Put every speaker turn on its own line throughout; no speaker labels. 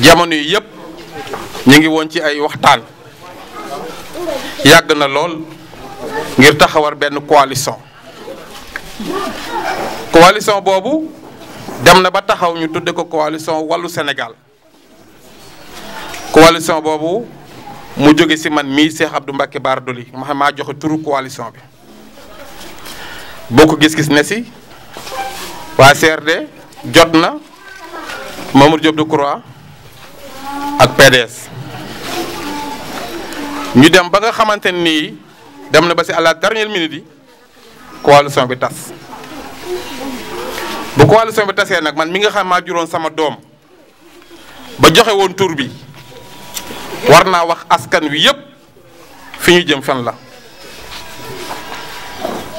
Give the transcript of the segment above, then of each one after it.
jamono yi yëpp ñu ngi woon ci ay waxtaan yàgg na lool ngir taxawar benn coalition coalition boobu dem na ba taxaw ñu tudd ko coalition wàllu senegal coalition boobu mu jóge si man mii Cheikh Abdou Mbacké Bara Dolly ma maa joxe turu coalition bi ko gis-gis ne si waa CRD jot na Mamour Diop Decroix ak PDS ñu dem ba nga xamante nii dem na ba si à la dernière minute yi coalition bi tas bu coalition bi tasee nag man mi nga xam maa juróon sama doom ba joxe woon tur bi war naa wax askan wi yépp fi ñu jëm fan la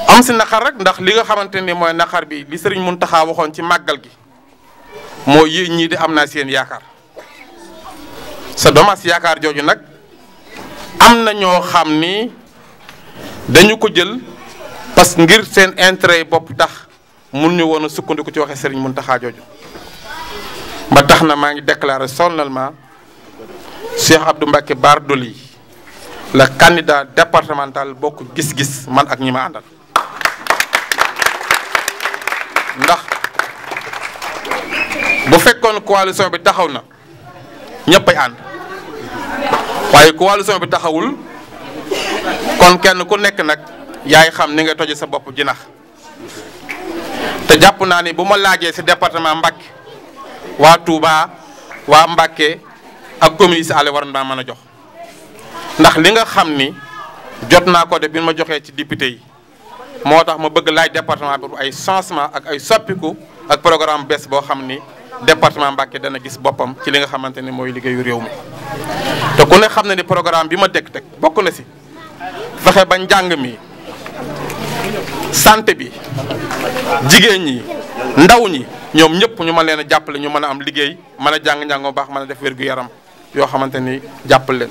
am si naqar rek ndax li nga xamante ni mooy naqar bi li sëriñ Muntaxa waxoon ci màggal gi moo yéen ñii di am naa seen yaakaar sa domas yaakaar jooju nag am na ñoo xam ni dañu ko jël parce que ngir seen intérêt yi bopp tax mun ñu woon a sukkandiku ci waxe Serigne Mountakha jooju ba tax na maa ngi déclarer solennellement Cheikh Abdou Mbacké Bardoli la candidat départemental bokk gis-gis man ak ñi ma àndal ndax bu fekkoon coalition bi taxaw na ñëppay ànd waaye coalition bi taxawul kon kenn ku nekk nag yaay xam ni nga toje sa bopp jinax te jàpp naa ni bu ma laajee ci département Mbacké waa Touba waa Mbacké ak commune yi war naa mën a jox ndax li nga xam ni jot naa ko de bi ma joxee ci député yi moo tax ma bëgg laaj département bi ay chancement ak ay soppiku ak programme bees boo xam ni. département Mbacké dana gis boppam ci li nga xamante ni mooy liggéeyu réew mi te ku ne xam na ni programme bi ma teg teg bokk na si fexe ba njàng mi santé bi jigéen ñi ndaw ñi ñoom ñëpp ñu mën leen a jàppale ñu mën a am liggéey mën a jàng njàngoo baax mën a def wér gu yaram yoo xamante ni jàppale leen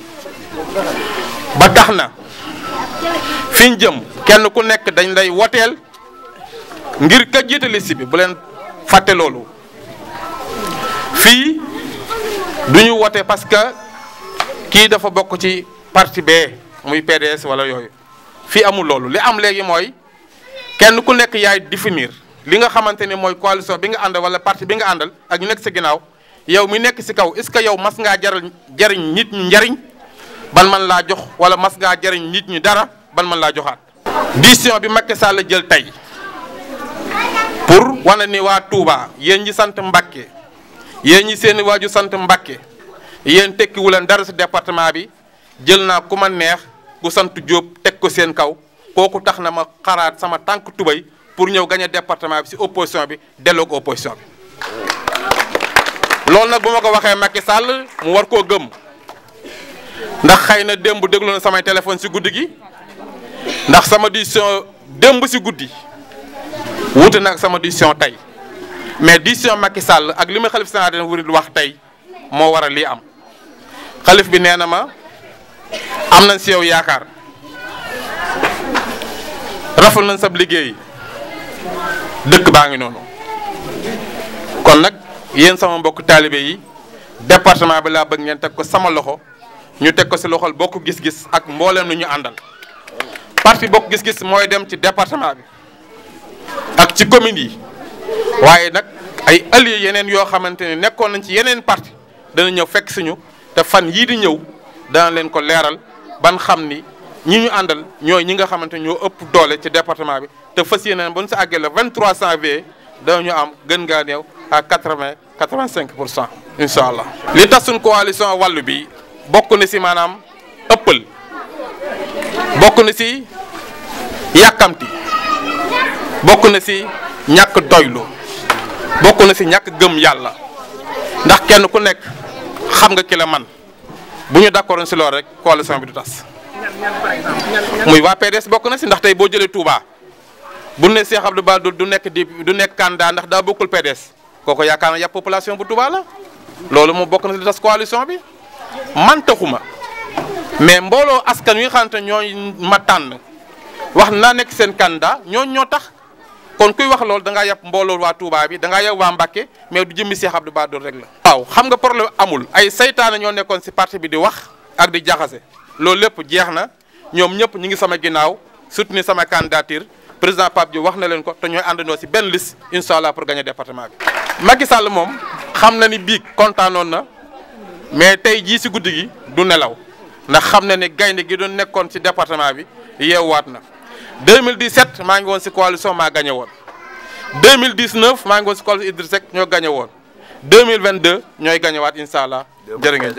ba tax na fi ñu jëm kenn ku nekk dañ lay woteel ngir ka jiite liste bi bu leen fàtte loolu. fii du ñu wote parce que kii dafa bokk ci parti bee muy PDS wala yooyu fii amul loolu li am léegi mooy kenn ku nekk yaay définir li nga xamante ne mooy coalition bi nga àndal wala parti bi nga àndal ak ñu nekk si ginnaaw yow mi nekk si kaw est ce que yow mas ngaa jaral jariñ nit ñi njariñ ban man laa jox wala mas ngaa jariñ nit ñi dara ban man laa joxaat. décision bi Macky Sall jël tey pour wane ni waa Touba yéen ñi sant Mbacké. yéen ñi seen waaju sant Mbàkke yéen tekkiwu leen dara si département bi jël naa ku ma neex ku sant Diop teg ko seen kaw kooku tax na ma xaraat sama tànk tubéy pour ñëw gañe département bi si opposition bi delloo ko opposition bi loolu nag bu ma ko waxee Macky Sall mu war koo gëm ndax xëy na démb déglu na samay téléphone si guddi gi ndax sama décision démb si guddi wuute nag sama décision tey mais décision Macky sàll ak li ma xalif général dina wurid wax tey moo waral lii am xalif bi nee na ma am na si yow yaakaar raful na sab liggéey dëkk baa ngi noonu kon nag yéen sama mbokk taalibe yi département bi laa bëgg ngeen teg ko sama loxo ñu teg ko si loxol bokk gis-gis ak mbooleem lu ñu àndal parti bokk gis-gis mooy dem ci département bi ak ci commune yi waaye nag ay alliés yeneen yoo xamante ne nekkoon nañ ci yeneen parti dana ñëw fekk suñu te fan yii di ñëw dana leen ko leeral ban xam ni ñi ñu àndal ñooy ñi nga xamante ñoo ëpp doole ci département bi te fas yeneen ba ñu sa àggee le 23 janvier danañu am gën gaa ngaa néew à 80 85 pour cent incha allah. li tax suñ coalition wàllu bi bokk na si maanaam ëppal bokk na si yàkkamti bokk na si ñàkk doylu bokk na si ñàkk gëm yàlla ndax kenn ku nekk xam nga ki la man bu ñu d'accord si loolu rek coalition bi du tas. muy waa PDS bokk na si ndax tey boo jëlee Touba bu ne Cheikh Abdou Bara du nekk di du nekk candidat ndax daa bokkul PDS kooku yaakaar na yàpp population bu Touba la loolu mu bokk na si du tas coalition bi man taxuma mais mbooloo askan wi nga xamante ñooñu ma tànn wax naa nekk seen candidat ñooñu ñoo tax. kon kuy wax loolu da ngaa yàpp mbooloo waa Touba bi da ngaa yàpp waa Mbacke mais du jëmmi Cheikh Abdou Bara Dolly rek la. waaw xam nga problème amul ay saytaane ñoo nekkoon si parti bi di wax ak di jaxase loolu lépp jeex na ñoom ñëpp ñu ngi sama ginnaaw soutenir sama candidature président Pape Diop wax na leen ko te ñooy àndandoo si benn liste incha allah pour gagner département bi. Macky Sall moom xam na ni bii kontaanoon na mais tey jii si guddi gi du nelaw ndax xam na ne gaynde gi doon nekkoon si département bi yeewaat na. 2017 maa ngi woon si coalition maa gagné woon 2019 maa ngi woon si coalition Idriss Seck ñoo gagné woon 2022 ñooy gagné waat incha allah jërë ngeen